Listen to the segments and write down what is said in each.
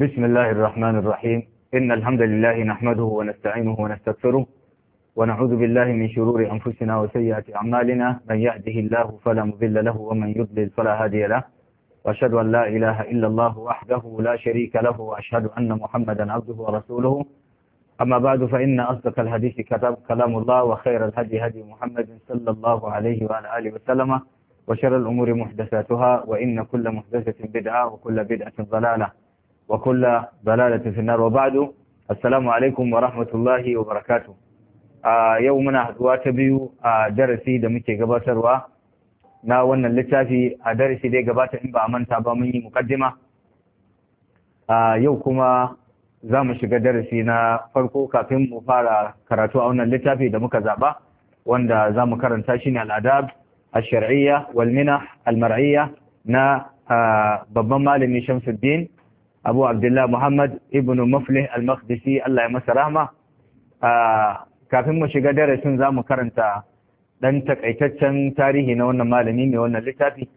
بسم الله الرحمن الرحيم إن الحمد لله نحمده ونستعينه ونستغفره ونعوذ بالله من شرور أنفسنا وسيئات أعمالنا من يهده الله فلا مضل له ومن يضلل فلا هادي له وأشهد أن لا إله إلا الله وحده لا شريك له وأشهد أن محمدا عبده ورسوله أما بعد فإن أصدق الحديث كتاب كلام الله وخير الهدي هدي محمد صلى الله عليه وعلى آله وسلم وشر الأمور محدثاتها وإن كل محدثة بدعة وكل بدعة ضلالة وكل ضلالة في wa barakatu a yau muna الله ta biyu a darasi da muke gabatarwa na wannan littafi a darasi dai gabata in ba a manta ba mun yi mukaddima a yau kuma za mu shiga darasi na farko kafin mu fara karatu a wannan littafi da muka zaba wanda za mu karanta shi ne al'adab a shariyya walmina, minah na babban malami Shamsuddin abu abdullah muhammad ibn muflih al-maqdisi Allah ya masa rahma kafin mu shiga darasin za mu karanta ɗan takaitaccen tarihi na wannan malami mai wannan littafi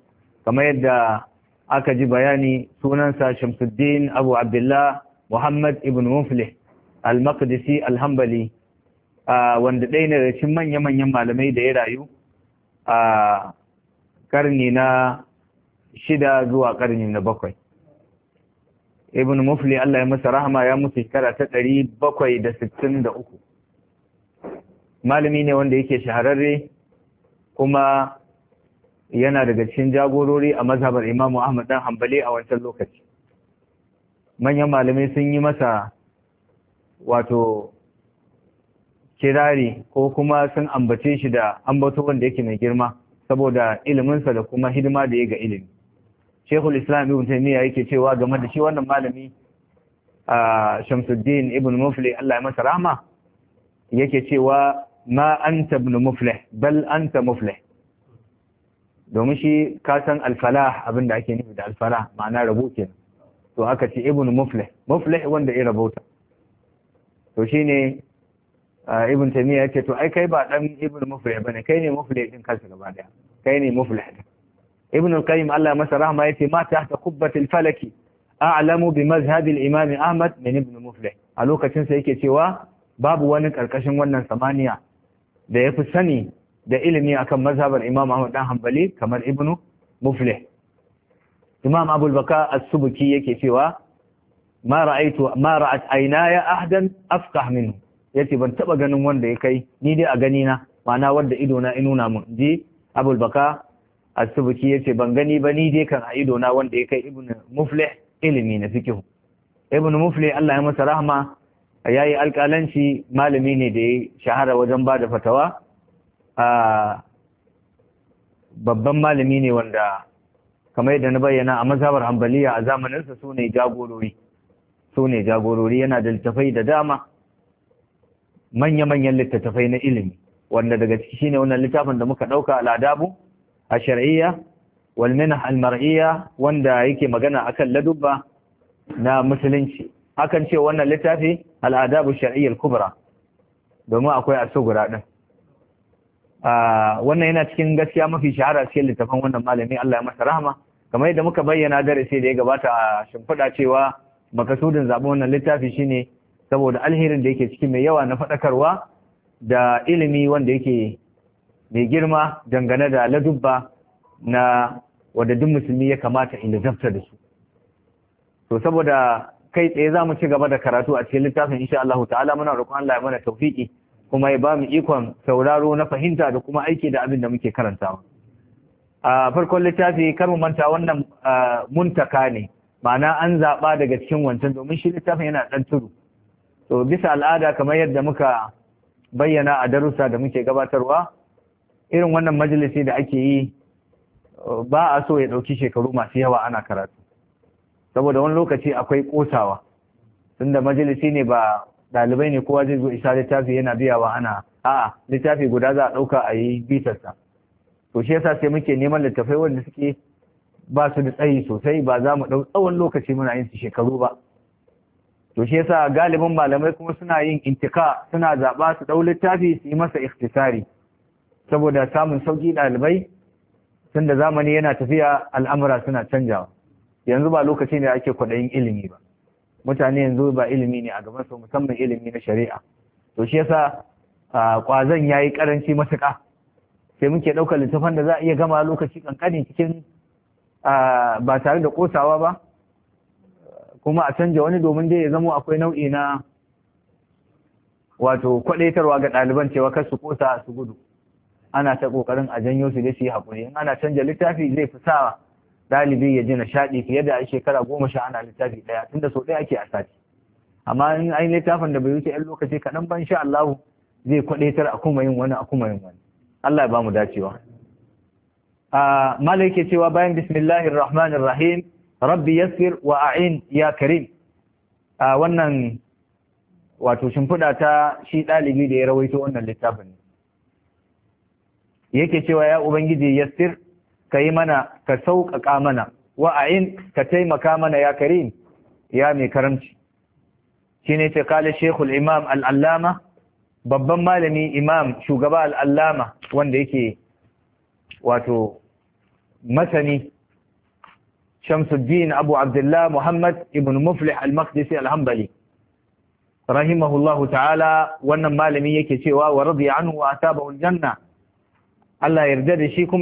kamar yadda aka ji bayani sunansa shamsuddin abu abdullah muhammad ibn muflih al-maqdisi al-hambali wanda ɗaya ne da cin manya-manyan malamai da ya rayu a karni na shida zuwa karni na bakwai ibn mufli Allah ya masa rahama ya mutu shekara ta ɗari bakwai da sittin da uku malami ne wanda yake shahararre kuma yana daga cikin jagorori a mazhabar imamu ahmad dan hanbali a wancan lokaci manyan malamai sun yi masa wato kirari ko kuma sun ambace shi da ambato wanda yake mai girma saboda iliminsa da kuma hidima da ya ga ilimi shekul islam ibn taimiyya yake cewa game da shi wannan malami a shamsuddin ibn mufli allah ya masa rahma yake cewa ma anta ibn muflih bal anta muflih domin shi ka san alfalah da ake nufi da alfalah ma'ana rabo kenan to aka ce ibn muflih muflih wanda ya rabauta to shine ibn tamiya yake to ai kai ba dan ibn muflih bane kai ne muflih din kansa gaba daya kai ne muflih din ibn al-qayyim Allah masa rahma yace ma tahta kubbatil falaki a'lamu bi mazhabil imam ahmad min ibn muflih a lokacin sa yake cewa babu wani karkashin wannan samaniya da yafi sani da ilimi akan mazhabar imam ahmad dan hanbali kamar ibn muflih imam abul baka as-subki yake cewa ma ra'aitu ma ra'at aynaya ahdan afqah minhu yace ban taba ganin wanda ya kai ni dai a gani na ma'ana wanda ido na inuna mun ji abul baka asubuki ya ce ban gani ba ni dai kan ido na wanda ya kai ibn mufle ilimi na fikin ibn mufle Allah ya masa rahma ya yi alƙalanci malami ne da ya shahara wajen ba da fatawa a babban malami ne wanda kamar yadda na bayyana a mazhabar hambaliya a zamaninsa su ne jagorori su ne jagorori yana da littattafai da dama manya-manyan littattafai na ilimi wanda daga ciki shine wannan littafin da muka ɗauka al'adabu A الشرعية al wanda yake yake magana kan ladubba na musulunci. akan ce wannan littafi al'adabu al kubra domin akwai a sugura ɗin wannan yana cikin gaskiya mafi shahara cikin littafin wannan malami Allah ya masa rahama kamar yadda muka bayyana darasi da ya gabata a shimfiɗa cewa makasudin zaɓen wannan littafi shine saboda alherin da yake cikin mai yawa na fadakarwa da ilimi wanda yake mai girma dangane da ladubba na wadadin musulmi ya kamata in zafta da su to saboda kai tsaye za mu ci gaba da karatu a cikin littafin insha Allah ta'ala muna roƙon Allah ya mana tawfiki kuma ya ba mu ikon sauraro na fahimta da kuma aiki da abin da muke karantawa a farkon littafi kar mu manta wannan muntaka ne ma'ana an zaɓa daga cikin wancan domin shi littafin yana ɗan tudu to bisa al'ada kamar yadda muka bayyana a darussa da muke gabatarwa irin wannan majalisi da ake yi ba a so ya ɗauki shekaru masu yawa ana karatu saboda wani lokaci akwai ƙosawa tunda majalisi ne ba ɗalibai ne kowa zai zo isa littafi yana biyawa ana a'a littafi guda za a ɗauka a yi bitarsa to shi yasa sai muke neman littafai wanda suke ba su da tsayi sosai ba za mu ɗau tsawon lokaci muna yin su shekaru ba to shi yasa galibin malamai kuma suna yin intika suna zaba, su ɗau littafi su yi masa ikhtisari saboda samun sauki ɗalibai da zamani yana tafiya al'amura suna canjawa yanzu ba lokaci ne ake kwaɗayin ilimi ba mutane yanzu ba ilimi ne a gaban su musamman ilimi na shari'a to shi yasa kwazon yi karanci matuƙa sai muke ɗaukar littafan da za a iya gama lokaci kankani cikin ba tare da kosawa ba kuma a canja wani domin dai ya zamo akwai nau'i na wato kwaɗaitarwa ga ɗaliban cewa kar su kosa su gudu ana ta kokarin a janyo su da su yi hakuri in ana canja littafi zai fi sa ɗalibi ya ji nishaɗi fiye da shekara goma sha ana littafi ɗaya tunda sau ɗaya ake a sati amma in an littafin da bai wuce yan lokaci kaɗan ban sha Allah zai kwaɗaitar a kuma yin wani a kuma yin wani Allah ya ba mu dacewa Malam yake cewa bayan bismillahir rahmanir rahim rabbi yassir wa a'in ya karim wannan wato shimfiɗa ta shi ɗalibi da ya rawaito wannan littafin ne. yake cewa ya ubangiji yassir ka yi mana ka sauƙaƙa mana wa'ayin ka taimaka mana ya karim ya mai karamci shine ce kale shekul imam al'allama babban malami imam shugaba al'allama wanda yake wato masani shamsuddin abu abdullah muhammad ibn muflih al-maqdisi al-hambali rahimahullahu ta'ala wannan malami yake cewa wa radiya anhu wa atabahu al-janna Allah yarda da shi kuma